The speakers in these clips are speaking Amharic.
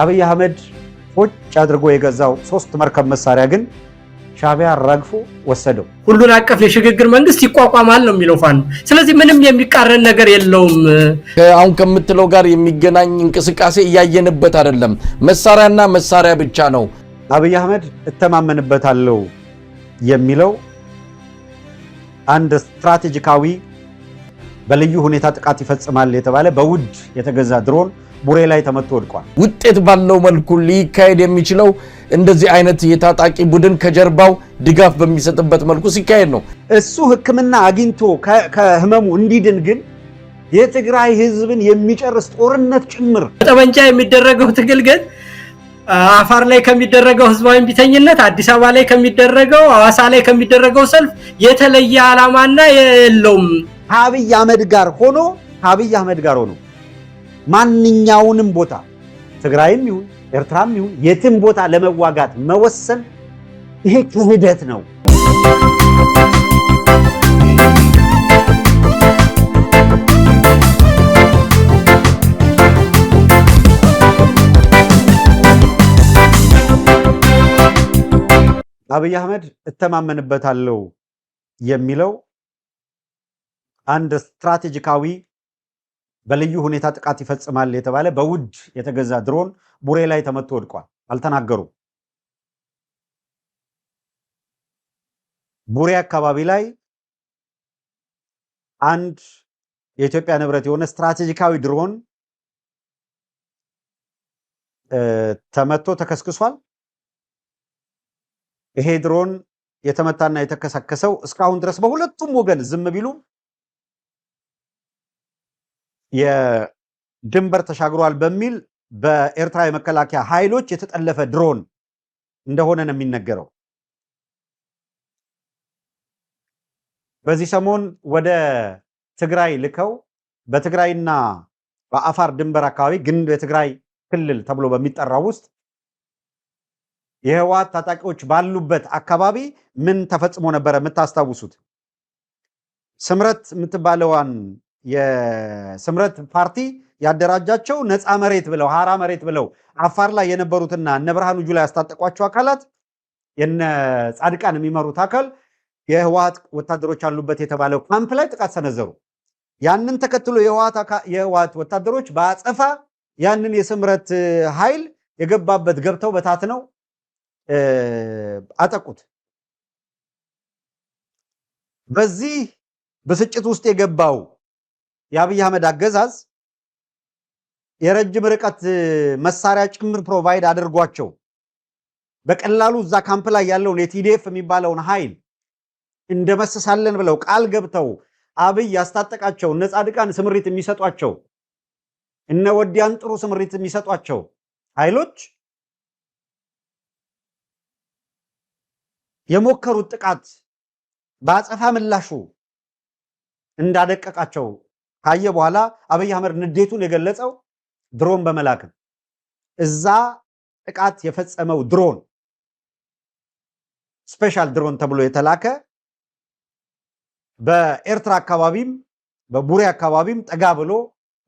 አብይ አህመድ ሆጭ አድርጎ የገዛው ሶስት መርከብ መሳሪያ ግን ሻቢያ አራግፎ ወሰደው። ሁሉን አቀፍ የሽግግር መንግስት ይቋቋማል ነው የሚለው ፋኖ። ስለዚህ ምንም የሚቃረን ነገር የለውም። አሁን ከምትለው ጋር የሚገናኝ እንቅስቃሴ እያየንበት አይደለም። መሳሪያና መሳሪያ ብቻ ነው። አብይ አህመድ እተማመንበታለሁ የሚለው አንድ ስትራቴጂካዊ በልዩ ሁኔታ ጥቃት ይፈጽማል የተባለ በውድ የተገዛ ድሮን ቡሬ ላይ ተመቶ ወድቋል። ውጤት ባለው መልኩ ሊካሄድ የሚችለው እንደዚህ አይነት የታጣቂ ቡድን ከጀርባው ድጋፍ በሚሰጥበት መልኩ ሲካሄድ ነው። እሱ ሕክምና አግኝቶ ከህመሙ እንዲድን ግን የትግራይ ህዝብን የሚጨርስ ጦርነት ጭምር በጠመንጃ የሚደረገው ትግል ግን አፋር ላይ ከሚደረገው ህዝባዊ ቢተኝነት፣ አዲስ አበባ ላይ ከሚደረገው፣ አዋሳ ላይ ከሚደረገው ሰልፍ የተለየ አላማና የለውም። ከአብይ አህመድ ጋር ሆኖ ከአብይ አህመድ ጋር ሆኖ ማንኛውንም ቦታ ትግራይም ይሁን ኤርትራም ይሁን የትም ቦታ ለመዋጋት መወሰን ይሄ ክህደት ነው። አብይ አህመድ እተማመንበታለሁ የሚለው አንድ ስትራቴጂካዊ በልዩ ሁኔታ ጥቃት ይፈጽማል የተባለ በውድ የተገዛ ድሮን ቡሬ ላይ ተመቶ ወድቋል። አልተናገሩም። ቡሬ አካባቢ ላይ አንድ የኢትዮጵያ ንብረት የሆነ ስትራቴጂካዊ ድሮን ተመቶ ተከስክሷል። ይሄ ድሮን የተመታና የተከሰከሰው እስካሁን ድረስ በሁለቱም ወገን ዝም ቢሉም የድንበር ተሻግሯል በሚል በኤርትራ የመከላከያ ኃይሎች የተጠለፈ ድሮን እንደሆነ ነው የሚነገረው። በዚህ ሰሞን ወደ ትግራይ ልከው በትግራይና በአፋር ድንበር አካባቢ ግን በትግራይ ክልል ተብሎ በሚጠራው ውስጥ የህወሓት ታጣቂዎች ባሉበት አካባቢ ምን ተፈጽሞ ነበረ? የምታስታውሱት ስምረት የምትባለዋን የስምረት ፓርቲ ያደራጃቸው ነፃ መሬት ብለው ሀራ መሬት ብለው አፋር ላይ የነበሩትና እነ ብርሃኑ ጁላ ያስታጠቋቸው አካላት የነ ጻድቃን የሚመሩት አካል የህወሀት ወታደሮች አሉበት የተባለው ካምፕ ላይ ጥቃት ሰነዘሩ። ያንን ተከትሎ የህወሀት ወታደሮች በአጸፋ ያንን የስምረት ኃይል የገባበት ገብተው በታት ነው አጠቁት። በዚህ ብስጭት ውስጥ የገባው የአብይ አህመድ አገዛዝ የረጅም ርቀት መሳሪያ ጭምር ፕሮቫይድ አድርጓቸው በቀላሉ እዛ ካምፕ ላይ ያለውን የቲዲኤፍ የሚባለውን ኃይል እንደመሰሳለን ብለው ቃል ገብተው አብይ ያስታጠቃቸው እነ ጻድቃን ስምሪት የሚሰጧቸው እነ ወዲያን ጥሩ ስምሪት የሚሰጧቸው ኃይሎች የሞከሩት ጥቃት በአጸፋ ምላሹ እንዳደቀቃቸው ካየ በኋላ አብይ አህመድ ንዴቱን የገለጸው ድሮን በመላክ እዛ ጥቃት የፈጸመው ድሮን ስፔሻል ድሮን ተብሎ የተላከ በኤርትራ አካባቢም በቡሬ አካባቢም ጠጋ ብሎ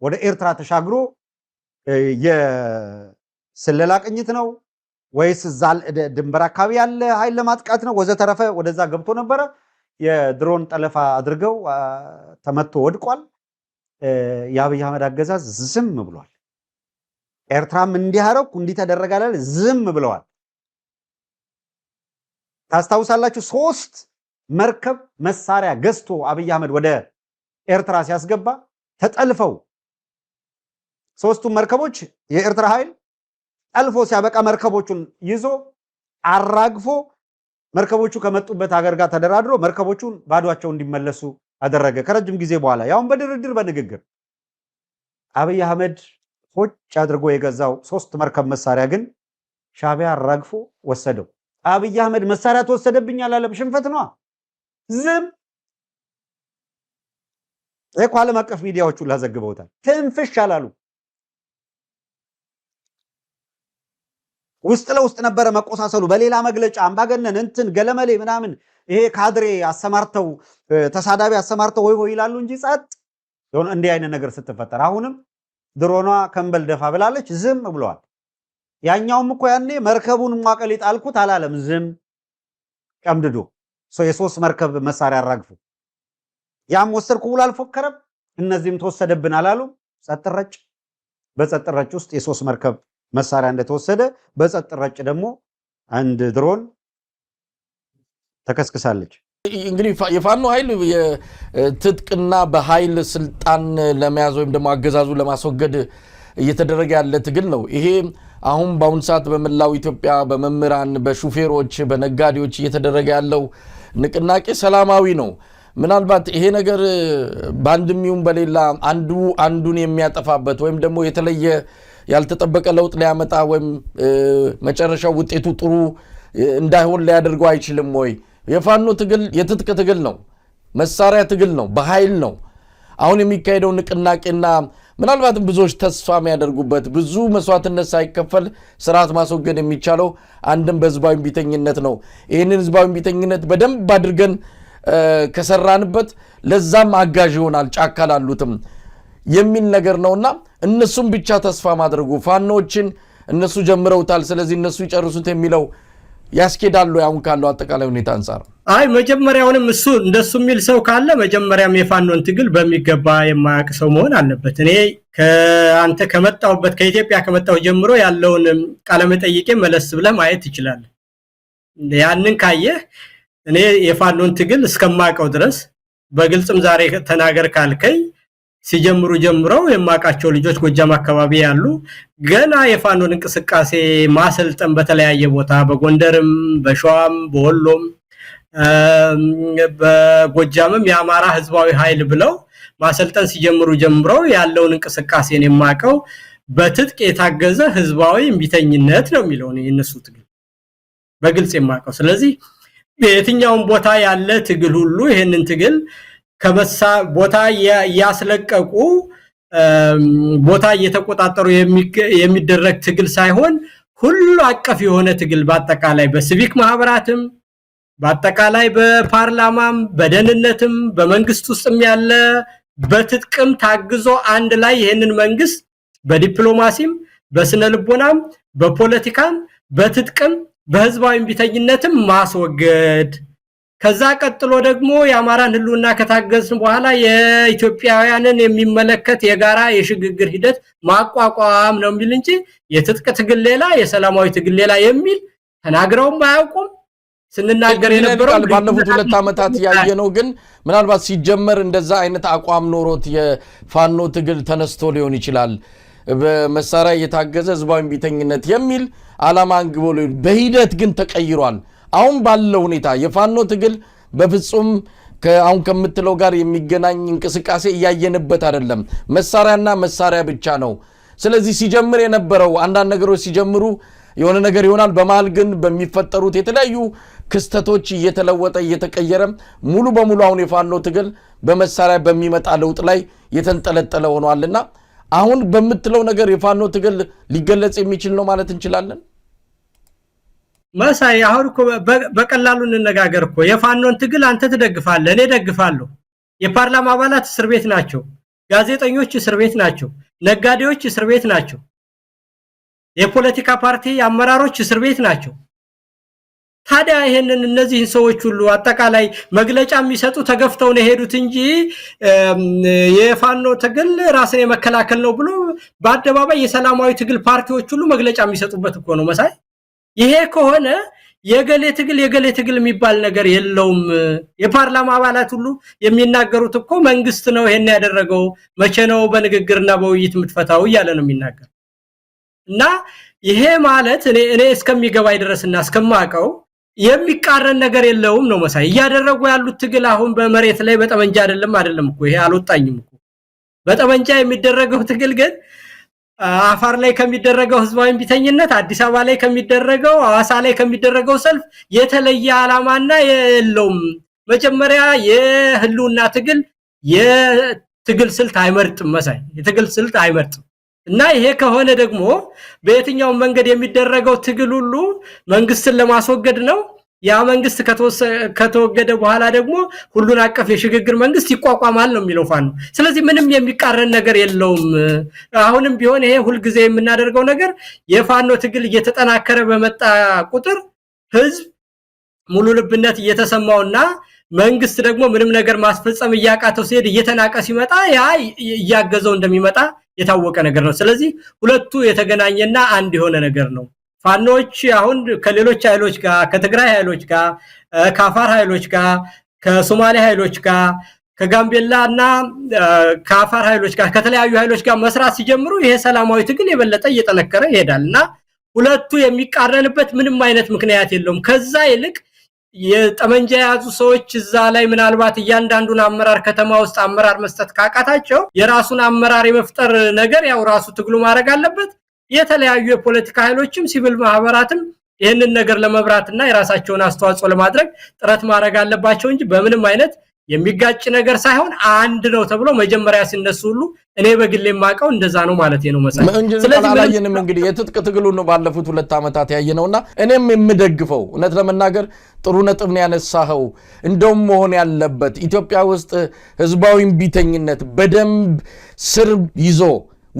ወደ ኤርትራ ተሻግሮ የስለላ ቅኝት ነው ወይስ እዛ ድንበር አካባቢ ያለ ኃይል ለማጥቃት ነው ወዘተረፈ ወደዛ ገብቶ ነበረ። የድሮን ጠለፋ አድርገው ተመቶ ወድቋል። የአብይ አህመድ አገዛዝ ዝም ብሏል። ኤርትራም እንዲህ አደረኩ እንዲህ ዝም ብለዋል። ታስታውሳላችሁ? ሶስት መርከብ መሳሪያ ገዝቶ አብይ አህመድ ወደ ኤርትራ ሲያስገባ ተጠልፈው ሶስቱም መርከቦች የኤርትራ ኃይል ጠልፎ ሲያበቃ መርከቦቹን ይዞ አራግፎ መርከቦቹ ከመጡበት ሀገር ጋር ተደራድሮ መርከቦቹን ባዷቸው እንዲመለሱ አደረገ ከረጅም ጊዜ በኋላ ያውም በድርድር በንግግር። አብይ አህመድ ሆጭ አድርጎ የገዛው ሶስት መርከብ መሳሪያ ግን ሻቢያ ረግፎ ወሰደው። አብይ አህመድ መሳሪያ ተወሰደብኝ አላለም። ሽንፈት ነዋ። ዝም እኮ ዓለም አቀፍ ሚዲያዎቹ ላዘግበውታል። ትንፍሽ አላሉ። ውስጥ ለውስጥ ነበረ መቆሳሰሉ። በሌላ መግለጫ አምባገነን እንትን ገለመሌ ምናምን ይሄ ካድሬ አሰማርተው ተሳዳቢ አሰማርተው ወይ ወይ ይላሉ እንጂ ጸጥ እንዲህ አይነት ነገር ስትፈጠር አሁንም ድሮኗ ከንበል ደፋ ብላለች፣ ዝም ብለዋል። ያኛውም እኮ ያኔ መርከቡን ሟቀሊጥ አልኩት አላለም፣ ዝም ቀምድዶ የሶስት መርከብ መሳሪያ አራግፉ ያም ወሰድኩ ብሎ አልፎከረም። እነዚህም ተወሰደብን አላሉ። ጸጥረጭ በጸጥረጭ ውስጥ የሶስት መርከብ መሳሪያ እንደተወሰደ በጸጥረጭ ደግሞ አንድ ድሮን ተከስክሳለች። እንግዲህ የፋኖ ኃይል ትጥቅና በኃይል ስልጣን ለመያዝ ወይም ደግሞ አገዛዙ ለማስወገድ እየተደረገ ያለ ትግል ነው ይሄ። አሁን በአሁኑ ሰዓት በመላው ኢትዮጵያ በመምህራን፣ በሹፌሮች፣ በነጋዴዎች እየተደረገ ያለው ንቅናቄ ሰላማዊ ነው። ምናልባት ይሄ ነገር በአንድም ይሁን በሌላ አንዱ አንዱን የሚያጠፋበት ወይም ደግሞ የተለየ ያልተጠበቀ ለውጥ ሊያመጣ ወይም መጨረሻው ውጤቱ ጥሩ እንዳይሆን ሊያደርገው አይችልም ወይ? የፋኖ ትግል የትጥቅ ትግል ነው፣ መሳሪያ ትግል ነው፣ በኃይል ነው። አሁን የሚካሄደው ንቅናቄና ምናልባትም ብዙዎች ተስፋ የሚያደርጉበት ብዙ መስዋዕትነት ሳይከፈል ስርዓት ማስወገድ የሚቻለው አንድም በህዝባዊ ቢተኝነት ነው። ይህንን ህዝባዊ ቢተኝነት በደንብ አድርገን ከሰራንበት ለዛም አጋዥ ይሆናል ጫካ ላሉትም የሚል ነገር ነውና እነሱም ብቻ ተስፋ ማድረጉ ፋኖዎችን እነሱ ጀምረውታል፣ ስለዚህ እነሱ ይጨርሱት የሚለው ያስኬዳሉ? አሁን ካለው አጠቃላይ ሁኔታ አንጻር አይ መጀመሪያውንም እሱ እንደሱ የሚል ሰው ካለ መጀመሪያም የፋኖን ትግል በሚገባ የማያውቅ ሰው መሆን አለበት። እኔ ከአንተ ከመጣሁበት ከኢትዮጵያ ከመጣሁ ጀምሮ ያለውን ቃለመጠይቄ መለስ ብለህ ማየት ይችላል። ያንን ካየህ እኔ የፋኖን ትግል እስከማውቀው ድረስ በግልጽም ዛሬ ተናገር ካልከኝ ሲጀምሩ ጀምረው የማውቃቸው ልጆች ጎጃም አካባቢ ያሉ ገና የፋኖን እንቅስቃሴ ማሰልጠን በተለያየ ቦታ በጎንደርም፣ በሸዋም፣ በወሎም በጎጃምም የአማራ ህዝባዊ ኃይል ብለው ማሰልጠን ሲጀምሩ ጀምረው ያለውን እንቅስቃሴን የማውቀው በትጥቅ የታገዘ ህዝባዊ እምቢተኝነት ነው የሚለው የነሱ ትግል በግልጽ የማውቀው። ስለዚህ የትኛውን ቦታ ያለ ትግል ሁሉ ይህንን ትግል ከበሳ ቦታ ያስለቀቁ ቦታ እየተቆጣጠሩ የሚደረግ ትግል ሳይሆን ሁሉ አቀፍ የሆነ ትግል በአጠቃላይ በሲቪክ ማህበራትም በአጠቃላይ በፓርላማም በደህንነትም በመንግስት ውስጥም ያለ በትጥቅም ታግዞ አንድ ላይ ይህንን መንግስት በዲፕሎማሲም በስነ ልቦናም በፖለቲካም በትጥቅም በህዝባዊ ቢተኝነትም ማስወገድ ከዛ ቀጥሎ ደግሞ የአማራን ህልውና ከታገዝን በኋላ የኢትዮጵያውያንን የሚመለከት የጋራ የሽግግር ሂደት ማቋቋም ነው የሚል እንጂ የትጥቅ ትግል ሌላ፣ የሰላማዊ ትግል ሌላ የሚል ተናግረውም አያውቁም። ስንናገር የነበረው ባለፉት ሁለት ዓመታት ያየ ነው። ግን ምናልባት ሲጀመር እንደዛ አይነት አቋም ኖሮት የፋኖ ትግል ተነስቶ ሊሆን ይችላል። በመሳሪያ እየታገዘ ህዝባዊ ቢተኝነት የሚል አላማ አንግቦ በሂደት ግን ተቀይሯል። አሁን ባለው ሁኔታ የፋኖ ትግል በፍጹም አሁን ከምትለው ጋር የሚገናኝ እንቅስቃሴ እያየንበት አይደለም። መሳሪያና መሳሪያ ብቻ ነው። ስለዚህ ሲጀምር የነበረው አንዳንድ ነገሮች ሲጀምሩ የሆነ ነገር ይሆናል። በመሀል ግን በሚፈጠሩት የተለያዩ ክስተቶች እየተለወጠ እየተቀየረ ሙሉ በሙሉ አሁን የፋኖ ትግል በመሳሪያ በሚመጣ ለውጥ ላይ የተንጠለጠለ ሆኗልና አሁን በምትለው ነገር የፋኖ ትግል ሊገለጽ የሚችል ነው ማለት እንችላለን። መሳይ አሁን እኮ በቀላሉ እንነጋገር እኮ የፋኖን ትግል አንተ ትደግፋለህ፣ እኔ ደግፋለሁ። የፓርላማ አባላት እስር ቤት ናቸው፣ ጋዜጠኞች እስር ቤት ናቸው፣ ነጋዴዎች እስር ቤት ናቸው፣ የፖለቲካ ፓርቲ አመራሮች እስር ቤት ናቸው። ታዲያ ይሄንን እነዚህን ሰዎች ሁሉ አጠቃላይ መግለጫ የሚሰጡ ተገፍተው ነው የሄዱት እንጂ የፋኖ ትግል ራስን የመከላከል ነው ብሎ በአደባባይ የሰላማዊ ትግል ፓርቲዎች ሁሉ መግለጫ የሚሰጡበት እኮ ነው መሳይ ይሄ ከሆነ የገሌ ትግል የገሌ ትግል የሚባል ነገር የለውም። የፓርላማ አባላት ሁሉ የሚናገሩት እኮ መንግስት ነው ይሄን ያደረገው፣ መቼ ነው በንግግርና በውይይት የምትፈታው እያለ ነው የሚናገር እና ይሄ ማለት እኔ እኔ እስከሚገባኝ ድረስና እስከማውቀው የሚቃረን ነገር የለውም ነው መሳይ። እያደረጉ ያሉት ትግል አሁን በመሬት ላይ በጠመንጃ አይደለም አይደለም እኮ ይሄ አልወጣኝም እኮ በጠመንጃ የሚደረገው ትግል ግን አፋር ላይ ከሚደረገው ህዝባዊ ቢተኝነት፣ አዲስ አበባ ላይ ከሚደረገው፣ አዋሳ ላይ ከሚደረገው ሰልፍ የተለየ አላማና የለውም። መጀመሪያ የህልውና ትግል የትግል ስልት አይመርጥም፣ መሳይ የትግል ስልት አይመርጥም። እና ይሄ ከሆነ ደግሞ በየትኛውም መንገድ የሚደረገው ትግል ሁሉ መንግስትን ለማስወገድ ነው። ያ መንግስት ከተወገደ በኋላ ደግሞ ሁሉን አቀፍ የሽግግር መንግስት ይቋቋማል ነው የሚለው ፋኖ። ስለዚህ ምንም የሚቃረን ነገር የለውም። አሁንም ቢሆን ይሄ ሁልጊዜ የምናደርገው ነገር የፋኖ ትግል እየተጠናከረ በመጣ ቁጥር ህዝብ ሙሉ ልብነት እየተሰማውና መንግስት ደግሞ ምንም ነገር ማስፈጸም እያቃተው ሲሄድ እየተናቀ ሲመጣ ያ እያገዘው እንደሚመጣ የታወቀ ነገር ነው። ስለዚህ ሁለቱ የተገናኘና አንድ የሆነ ነገር ነው። ፋኖች አሁን ከሌሎች ኃይሎች ጋር ከትግራይ ኃይሎች ጋር ከአፋር ኃይሎች ጋር ከሶማሌ ኃይሎች ጋር ከጋምቤላ እና ከአፋር ኃይሎች ጋር ከተለያዩ ኃይሎች ጋር መስራት ሲጀምሩ ይሄ ሰላማዊ ትግል የበለጠ እየጠነከረ ይሄዳል እና ሁለቱ የሚቃረንበት ምንም አይነት ምክንያት የለውም። ከዛ ይልቅ የጠመንጃ የያዙ ሰዎች እዛ ላይ ምናልባት እያንዳንዱን አመራር ከተማ ውስጥ አመራር መስጠት ካቃታቸው የራሱን አመራር የመፍጠር ነገር ያው ራሱ ትግሉ ማድረግ አለበት። የተለያዩ የፖለቲካ ኃይሎችም ሲቪል ማህበራትም ይህንን ነገር ለመብራትና የራሳቸውን አስተዋጽኦ ለማድረግ ጥረት ማድረግ አለባቸው እንጂ በምንም አይነት የሚጋጭ ነገር ሳይሆን አንድ ነው ተብሎ መጀመሪያ ሲነሱ ሁሉ እኔ በግሌ የማውቀው እንደዛ ነው ማለት ነው። መሳ እንግዲህ የትጥቅ ትግሉ ነው ባለፉት ሁለት ዓመታት ያየ እና እኔም የምደግፈው እውነት ለመናገር ጥሩ ነጥብ ነው ያነሳኸው። እንደውም መሆን ያለበት ኢትዮጵያ ውስጥ ህዝባዊ እምቢተኝነት በደንብ ስር ይዞ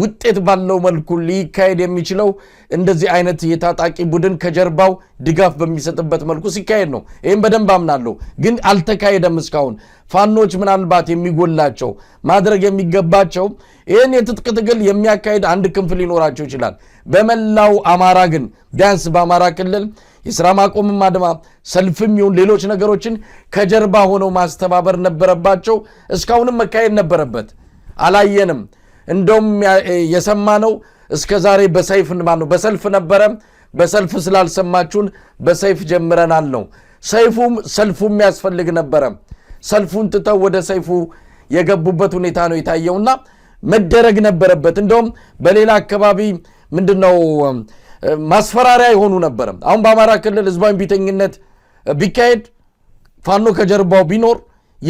ውጤት ባለው መልኩ ሊካሄድ የሚችለው እንደዚህ አይነት የታጣቂ ቡድን ከጀርባው ድጋፍ በሚሰጥበት መልኩ ሲካሄድ ነው። ይህም በደንብ አምናለሁ፣ ግን አልተካሄደም እስካሁን። ፋኖች ምናልባት የሚጎላቸው ማድረግ የሚገባቸው ይህን የትጥቅ ትግል የሚያካሄድ አንድ ክንፍ ሊኖራቸው ይችላል። በመላው አማራ ግን ቢያንስ በአማራ ክልል የስራ ማቆምም አድማ ሰልፍም ይሁን ሌሎች ነገሮችን ከጀርባ ሆነው ማስተባበር ነበረባቸው። እስካሁንም መካሄድ ነበረበት፣ አላየንም። እንደውም የሰማነው እስከ ዛሬ በሰይፍ ነው በሰልፍ ነበረ። በሰልፍ ስላልሰማችሁን በሰይፍ ጀምረናል ነው። ሰይፉም ሰልፉም ያስፈልግ ነበረ። ሰልፉን ትተው ወደ ሰይፉ የገቡበት ሁኔታ ነው የታየውና መደረግ ነበረበት። እንደውም በሌላ አካባቢ ምንድን ነው ማስፈራሪያ የሆኑ ነበረ። አሁን በአማራ ክልል ህዝባዊ ቢተኝነት ቢካሄድ ፋኖ ከጀርባው ቢኖር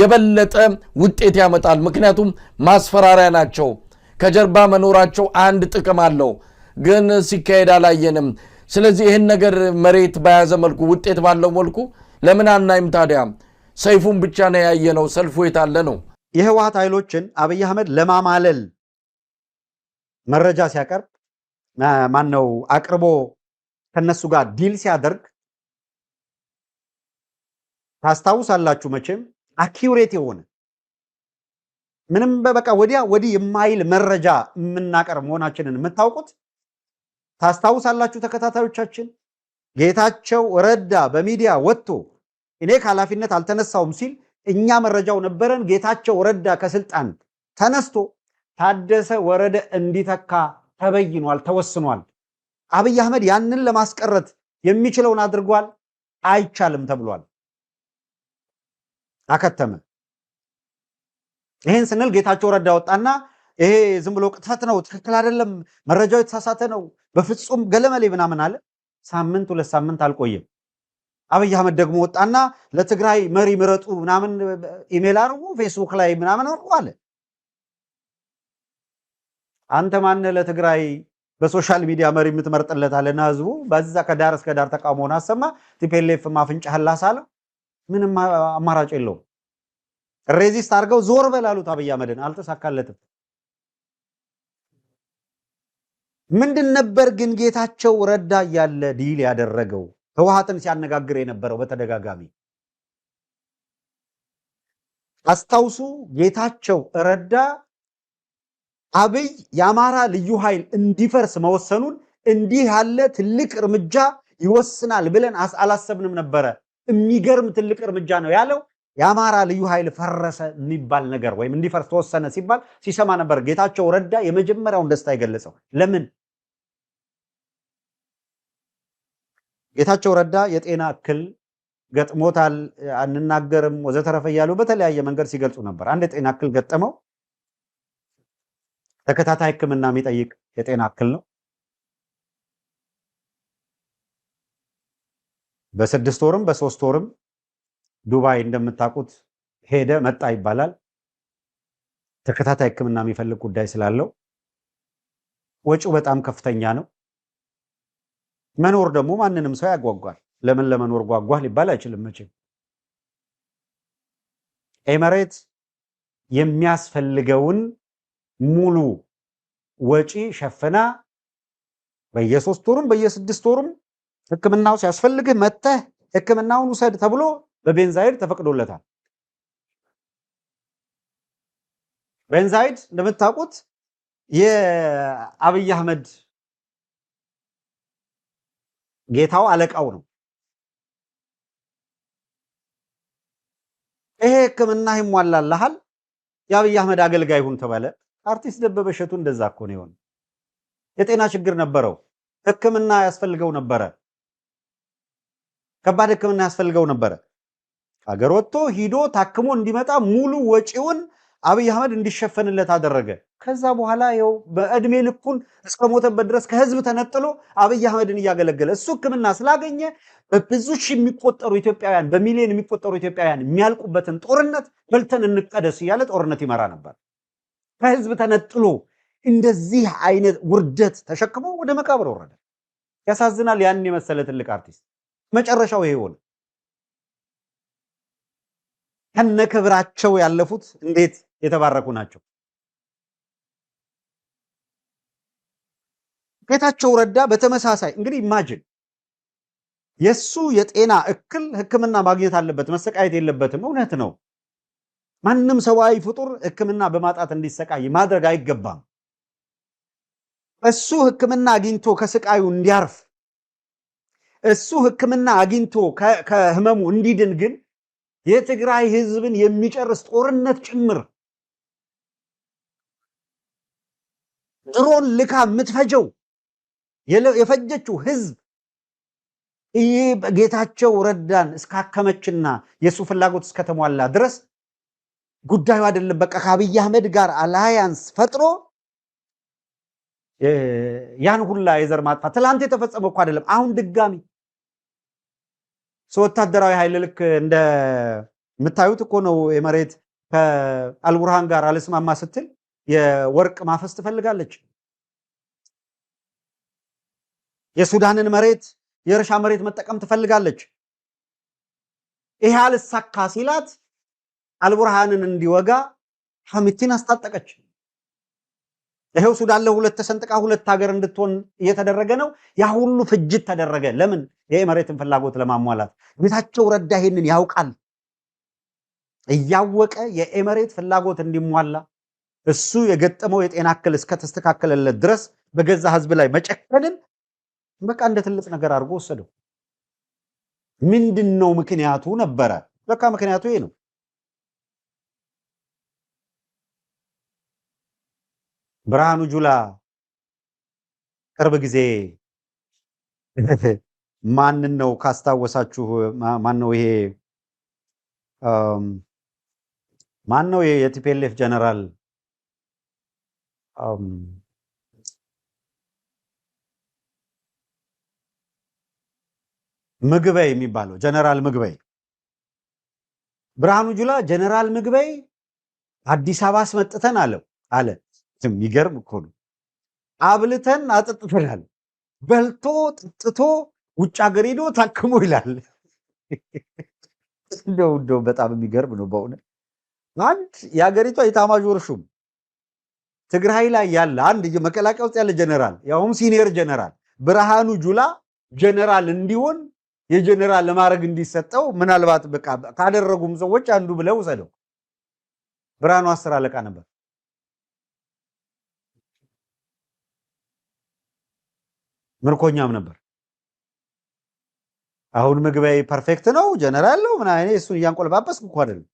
የበለጠ ውጤት ያመጣል። ምክንያቱም ማስፈራሪያ ናቸው። ከጀርባ መኖራቸው አንድ ጥቅም አለው፣ ግን ሲካሄድ አላየንም። ስለዚህ ይህን ነገር መሬት በያዘ መልኩ ውጤት ባለው መልኩ ለምን አናይም ታዲያ? ሰይፉን ብቻ ነው ያየነው፣ ሰልፉ የታለ ነው? የህወሀት ኃይሎችን አብይ አህመድ ለማማለል መረጃ ሲያቀርብ ማነው አቅርቦ ከነሱ ጋር ዲል ሲያደርግ ታስታውሳላችሁ መቼም አኪውሬት የሆነ ምንም በበቃ ወዲያ ወዲህ የማይል መረጃ የምናቀርብ መሆናችንን የምታውቁት ታስታውሳላችሁ። ተከታታዮቻችን ጌታቸው ረዳ በሚዲያ ወጥቶ እኔ ከኃላፊነት አልተነሳውም ሲል እኛ መረጃው ነበረን። ጌታቸው ረዳ ከስልጣን ተነስቶ ታደሰ ወረደ እንዲተካ ተበይኗል፣ ተወስኗል። አብይ አህመድ ያንን ለማስቀረት የሚችለውን አድርጓል። አይቻልም ተብሏል። አከተመ። ይህን ስንል ጌታቸው ረዳ ወጣና ይሄ ዝም ብሎ ቅጥፈት ነው፣ ትክክል አይደለም፣ መረጃው የተሳሳተ ነው፣ በፍጹም ገለመሌ ምናምን አለ። ሳምንት ሁለት ሳምንት አልቆየም። አብይ አህመድ ደግሞ ወጣና ለትግራይ መሪ ምረጡ ምናምን ኢሜል አርጉ፣ ፌስቡክ ላይ ምናምን አርጉ አለ። አንተ ማን ለትግራይ በሶሻል ሚዲያ መሪ የምትመርጥለት አለና ህዝቡ በዛ ከዳር እስከ ዳር ተቃውሞውን አሰማ። ቲፔሌፍ ማፍንጫህን ላሳለ ምንም አማራጭ የለውም። ሬዚስት አድርገው ዞር በላሉት አብይ አህመድን አልተሳካለትም። ምንድን ነበር ግን ጌታቸው ረዳ እያለ ዲል ያደረገው ህወሓትን ሲያነጋግር የነበረው በተደጋጋሚ አስታውሱ። ጌታቸው ረዳ አብይ የአማራ ልዩ ኃይል እንዲፈርስ መወሰኑን እንዲህ ያለ ትልቅ እርምጃ ይወስናል ብለን አላሰብንም ነበረ፣ የሚገርም ትልቅ እርምጃ ነው ያለው የአማራ ልዩ ኃይል ፈረሰ የሚባል ነገር ወይም እንዲፈርስ ተወሰነ ሲባል ሲሰማ ነበር ጌታቸው ረዳ የመጀመሪያውን ደስታ የገለጸው። ለምን ጌታቸው ረዳ የጤና እክል ገጥሞታል፣ አንናገርም ወዘተረፈ እያሉ በተለያየ መንገድ ሲገልጹ ነበር። አንድ የጤና እክል ገጠመው፣ ተከታታይ ሕክምና የሚጠይቅ የጤና እክል ነው። በስድስት ወርም በሶስት ወርም ዱባይ እንደምታውቁት ሄደ መጣ ይባላል። ተከታታይ ሕክምና የሚፈልግ ጉዳይ ስላለው ወጪው በጣም ከፍተኛ ነው። መኖር ደግሞ ማንንም ሰው ያጓጓል። ለምን ለመኖር ጓጓ ሊባል አይችልም መቼም። ኤመሬት የሚያስፈልገውን ሙሉ ወጪ ሸፍና በየሶስት ወሩም በየስድስት ወሩም ህክምናው ሲያስፈልግህ መጥተህ ህክምናውን ውሰድ ተብሎ በቤንዛይድ ተፈቅዶለታል። ቤንዛይድ እንደምታውቁት የአብይ አህመድ ጌታው አለቃው ነው። ይሄ ሕክምና ይሟላልሃል የአብይ አህመድ አገልጋይ ሁን ተባለ። አርቲስት ደበበ እሸቱ እንደዛ እኮ ነው የሆነ። የጤና ችግር ነበረው፣ ሕክምና ያስፈልገው ነበረ፣ ከባድ ሕክምና ያስፈልገው ነበረ። ሀገር ወጥቶ ሂዶ ታክሞ እንዲመጣ ሙሉ ወጪውን አብይ አህመድ እንዲሸፈንለት አደረገ። ከዛ በኋላ ው በእድሜ ልኩን እስከሞተበት ድረስ ከህዝብ ተነጥሎ አብይ አህመድን እያገለገለ እሱ ሕክምና ስላገኘ በብዙ ሺህ የሚቆጠሩ ኢትዮጵያውያን በሚሊዮን የሚቆጠሩ ኢትዮጵያውያን የሚያልቁበትን ጦርነት በልተን እንቀደስ እያለ ጦርነት ይመራ ነበር። ከህዝብ ተነጥሎ እንደዚህ አይነት ውርደት ተሸክሞ ወደ መቃብር ወረደ። ያሳዝናል። ያን የመሰለ ትልቅ አርቲስት መጨረሻው ይሄ ሆነ። ከነክብራቸው ያለፉት እንዴት የተባረኩ ናቸው። ጌታቸው ረዳ በተመሳሳይ እንግዲህ ኢማጅን የሱ የጤና እክል ሕክምና ማግኘት አለበት፣ መሰቃየት የለበትም። እውነት ነው። ማንም ሰብአዊ ፍጡር ሕክምና በማጣት እንዲሰቃይ ማድረግ አይገባም። እሱ ሕክምና አግኝቶ ከስቃዩ እንዲያርፍ፣ እሱ ሕክምና አግኝቶ ከህመሙ እንዲድን ግን የትግራይ ህዝብን የሚጨርስ ጦርነት ጭምር ድሮን ልካ የምትፈጀው የፈጀችው ህዝብ ይህ ጌታቸው ረዳን እስካከመችና የእሱ ፍላጎት እስከተሟላ ድረስ ጉዳዩ አይደለም። በቃ ከአብይ አህመድ ጋር አላያንስ ፈጥሮ ያን ሁላ የዘር ማጥፋት ትላንት የተፈጸመ እኮ አይደለም። አሁን ድጋሚ ወታደራዊ ኃይል ልክ እንደምታዩት እኮ ነው። የመሬት ከአልቡርሃን ጋር አልስማማ ስትል የወርቅ ማፈስ ትፈልጋለች። የሱዳንን መሬት የእርሻ መሬት መጠቀም ትፈልጋለች። ይሄ አልሳካ ሲላት አልቡርሃንን እንዲወጋ ሐሚቲን አስታጠቀች። ይሄው ሱዳን ለሁለት ተሰንጥቃ ሁለት ሀገር እንድትሆን እየተደረገ ነው። ያ ሁሉ ፍጅት ተደረገ። ለምን? ይሄ መሬትን ፍላጎት ለማሟላት ጌታቸው ረዳ ይሄንን ያውቃል። እያወቀ የኤመሬት ፍላጎት እንዲሟላ እሱ የገጠመው የጤና እክል እስከተስተካከለለት ድረስ በገዛ ህዝብ ላይ መጨከንን በቃ እንደ ትልቅ ነገር አድርጎ ወሰደው። ምንድን ነው ምክንያቱ ነበረ? በቃ ምክንያቱ ይሄ ነው። ብርሃኑ ጁላ ቅርብ ጊዜ ማንን ነው ካስታወሳችሁ፣ ማን ነው ይሄ ማን ነው የቲፒኤልኤፍ ጀነራል ምግበይ የሚባለው ጀነራል ምግበይ ብርሃኑ ጁላ ጀነራል ምግበይ አዲስ አበባ አስመጥተን አለው አለ። የሚገርም እኮ ነው። አብልተን አጠጥተናል። በልቶ ጠጥቶ ውጭ ሀገር ሄዶ ታክሞ ይላል። እንደው እንደው በጣም የሚገርም ነው በእውነት አንድ የሀገሪቷ የኤታማዦር ሹም ትግራይ ላይ ያለ አንድ መቀላቀያ ውስጥ ያለ ጀነራል ያውም ሲኒየር ጀነራል ብርሃኑ ጁላ ጀነራል እንዲሆን የጀነራል ለማድረግ እንዲሰጠው ምናልባት በቃ ካደረጉም ሰዎች አንዱ ብለው ውሰደው። ብርሃኑ አስር አለቃ ነበር። ምርኮኛም ነበር። አሁን ምግቤ ፐርፌክት ነው፣ ጀነራል ነው ምናምን። እኔ እሱን እያንቆለባበስኩ እኮ አይደለም፣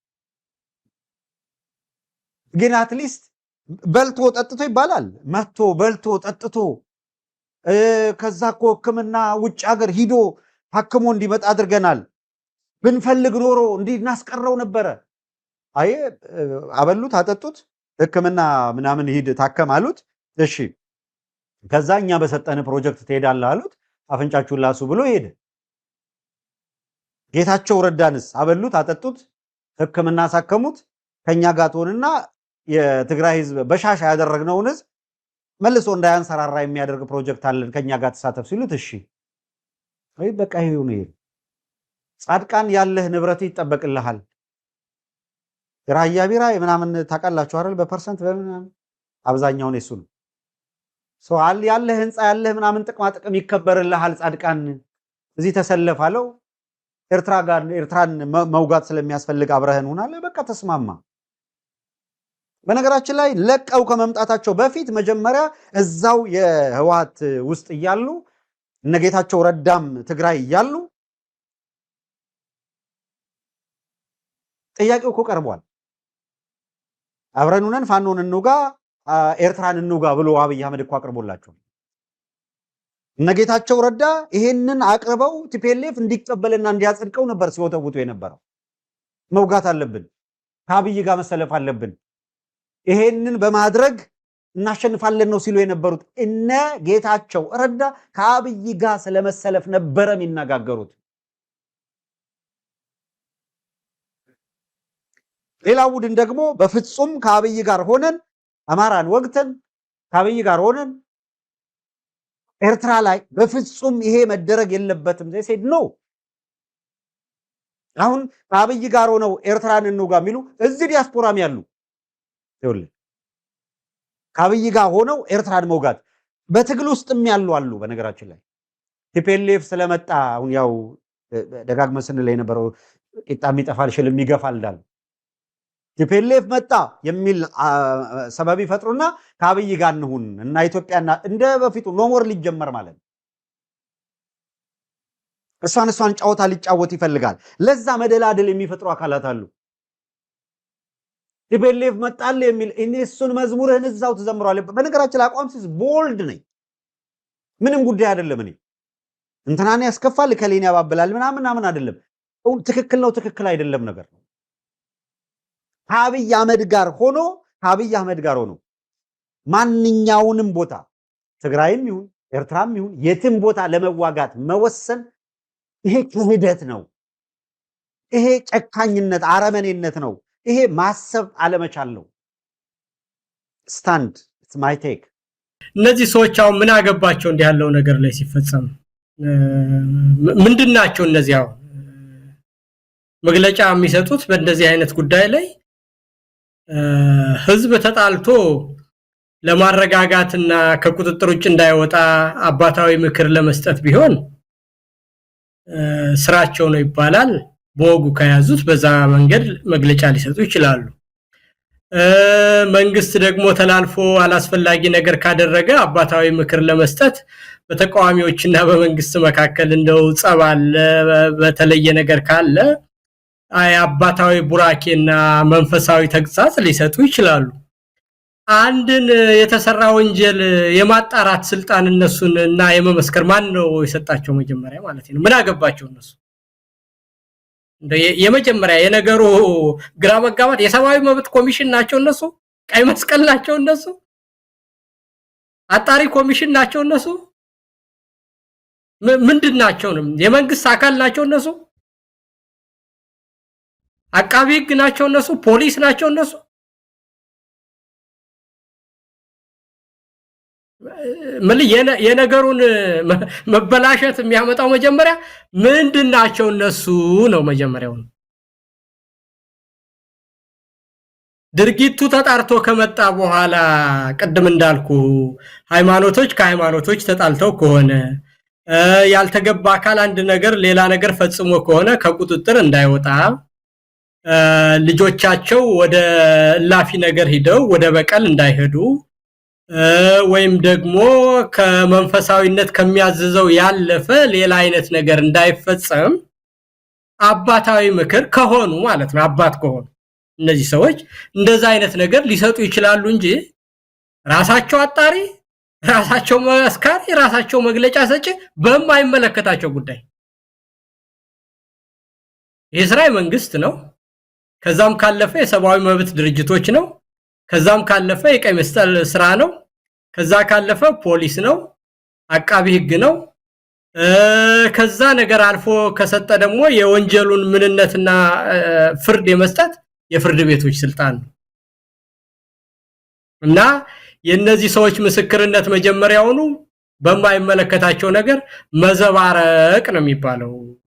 ግን አትሊስት በልቶ ጠጥቶ ይባላል። መቶ በልቶ ጠጥቶ ከዛ እኮ ሕክምና ውጭ ሀገር ሂዶ ታክሞ እንዲመጣ አድርገናል። ብንፈልግ ኖሮ እንዲህ እናስቀረው ነበረ። አይ አበሉት፣ አጠጡት፣ ሕክምና ምናምን ሂድ ታከም አሉት። እሺ ከዛ እኛ በሰጠን ፕሮጀክት ትሄዳለህ አሉት። አፍንጫችሁን ላሱ ብሎ ሄደ። ጌታቸው ረዳንስ አበሉት፣ አጠጡት፣ ሕክምና አሳከሙት። ከኛ ጋር ትሆንና የትግራይ ህዝብ በሻሻ ያደረግነውን ህዝብ መልሶ እንዳያንሰራራ የሚያደርግ ፕሮጀክት አለን ከኛ ጋር ተሳተፍ ሲሉት እሺ ወይ በቃ ይሄው ነው። ጻድቃን ያለህ ንብረት ይጠበቅልሃል። ራያ ቢራ ምናምን ታውቃላችሁ አይደል? በፐርሰንት በምናምን አብዛኛውን የሱ ነው። ሰው ያለህ ህንፃ ያለህ ምናምን ጥቅማ ጥቅም ይከበርልሃል። ጻድቃን እዚህ ተሰለፋለው ኤርትራ ጋር ኤርትራን መውጋት ስለሚያስፈልግ አብረህን ሆናለ። በቃ ተስማማ። በነገራችን ላይ ለቀው ከመምጣታቸው በፊት መጀመሪያ እዛው የህወሓት ውስጥ እያሉ እነ ጌታቸው ረዳም ትግራይ እያሉ ጥያቄው እኮ ቀርቧል። አብረን ፋኖን እንውጋ፣ ኤርትራን እንውጋ ብሎ አብይ አህመድ እኮ አቅርቦላቸው እነጌታቸው ረዳ ይሄንን አቅርበው ቲፔሌፍ እንዲቀበልና እንዲያጸድቀው ነበር ሲወተውቱ የነበረው። መውጋት አለብን፣ ከአብይ ጋር መሰለፍ አለብን፣ ይሄንን በማድረግ እናሸንፋለን ነው ሲሉ የነበሩት እነ ጌታቸው ረዳ ከአብይ ጋር ስለመሰለፍ ነበረ የሚነጋገሩት። ሌላ ቡድን ደግሞ በፍጹም ከአብይ ጋር ሆነን አማራን ወግተን ከአብይ ጋር ሆነን ኤርትራ ላይ በፍጹም ይሄ መደረግ የለበትም ዘይ ሴድ ነው። አሁን ከአብይ ጋር ሆነው ኤርትራን እንውጋ የሚሉ እዚህ ዲያስፖራም ያሉ ይኸውልህ ከአብይ ጋር ሆነው ኤርትራን መውጋት በትግል ውስጥም ያሉ አሉ። በነገራችን ላይ ቲፒኤልኤፍ ስለመጣ አሁን ያው ደጋግመን ስንል የነበረው ቂጣ የሚጠፋል ሽልም ይገፋል እንዳሉ ቲፒኤልኤፍ መጣ የሚል ሰበብ ይፈጥሩና ከአብይ ጋር እንሁን እና ኢትዮጵያና እንደ በፊቱ ኖሞር ሊጀመር ማለት ነው። እሷን እሷን ጫወታ ሊጫወት ይፈልጋል። ለዛ መደላደል የሚፈጥሩ አካላት አሉ። ቲፒኤልኤፍ መጣል የሚል እሱን መዝሙርህን እዛው ትዘምረዋል። በነገራችን አቋም ሲስ ቦልድ ነኝ። ምንም ጉዳይ አይደለም። እኔ እንትናን ያስከፋል ከሌን ያባብላል ምናምን ምናምን አይደለም። ትክክል ነው ትክክል አይደለም ነገር ነው ከአብይ አህመድ ጋር ሆኖ ከአብይ አህመድ ጋር ሆኖ ማንኛውንም ቦታ ትግራይም ይሁን ኤርትራም ይሁን የትም ቦታ ለመዋጋት መወሰን ይሄ ክህደት ነው። ይሄ ጨካኝነት፣ አረመኔነት ነው። ይሄ ማሰብ አለመቻል ነው። ስታንድ ኢትስ ማይ ቴክ። እነዚህ ሰዎች አሁን ምን አገባቸው እንዲህ ያለው ነገር ላይ ሲፈጸም ምንድን ናቸው እነዚህ አሁን መግለጫ የሚሰጡት በእንደዚህ አይነት ጉዳይ ላይ ህዝብ ተጣልቶ ለማረጋጋትና ከቁጥጥር ውጭ እንዳይወጣ አባታዊ ምክር ለመስጠት ቢሆን ስራቸው ነው ይባላል። በወጉ ከያዙት በዛ መንገድ መግለጫ ሊሰጡ ይችላሉ። መንግስት ደግሞ ተላልፎ አላስፈላጊ ነገር ካደረገ አባታዊ ምክር ለመስጠት በተቃዋሚዎችና በመንግስት መካከል እንደው ጸብ አለ፣ በተለየ ነገር ካለ አባታዊ ቡራኬና መንፈሳዊ ተግሳጽ ሊሰጡ ይችላሉ። አንድን የተሰራ ወንጀል የማጣራት ስልጣን እነሱን እና የመመስከር ማን ነው የሰጣቸው? መጀመሪያ ማለት ነው። ምን አገባቸው እነሱ? የመጀመሪያ የነገሩ ግራ መጋባት የሰብአዊ መብት ኮሚሽን ናቸው እነሱ? ቀይ መስቀል ናቸው እነሱ? አጣሪ ኮሚሽን ናቸው እነሱ? ምንድን ናቸው? የመንግስት አካል ናቸው እነሱ? አቃቢ ህግ ናቸው እነሱ፣ ፖሊስ ናቸው እነሱ። ምን የነገሩን መበላሸት የሚያመጣው መጀመሪያ ምንድን ናቸው እነሱ ነው መጀመሪያው ድርጊቱ ተጣርቶ ከመጣ በኋላ ቅድም እንዳልኩ ሃይማኖቶች ከሃይማኖቶች ተጣልተው ከሆነ ያልተገባ አካል አንድ ነገር ሌላ ነገር ፈጽሞ ከሆነ ከቁጥጥር እንዳይወጣ ልጆቻቸው ወደ እላፊ ነገር ሂደው ወደ በቀል እንዳይሄዱ ወይም ደግሞ ከመንፈሳዊነት ከሚያዝዘው ያለፈ ሌላ አይነት ነገር እንዳይፈጸም አባታዊ ምክር ከሆኑ ማለት ነው። አባት ከሆኑ እነዚህ ሰዎች እንደዛ አይነት ነገር ሊሰጡ ይችላሉ እንጂ ራሳቸው አጣሪ፣ ራሳቸው መስካሪ፣ ራሳቸው መግለጫ ሰጪ በማይመለከታቸው ጉዳይ የእስራኤል መንግስት ነው። ከዛም ካለፈ የሰብአዊ መብት ድርጅቶች ነው። ከዛም ካለፈ የቀይ መስቀል ስራ ነው። ከዛ ካለፈ ፖሊስ ነው፣ አቃቢ ህግ ነው። ከዛ ነገር አልፎ ከሰጠ ደግሞ የወንጀሉን ምንነትና ፍርድ የመስጠት የፍርድ ቤቶች ስልጣን ነው እና የእነዚህ ሰዎች ምስክርነት መጀመሪያውኑ በማይመለከታቸው ነገር መዘባረቅ ነው የሚባለው።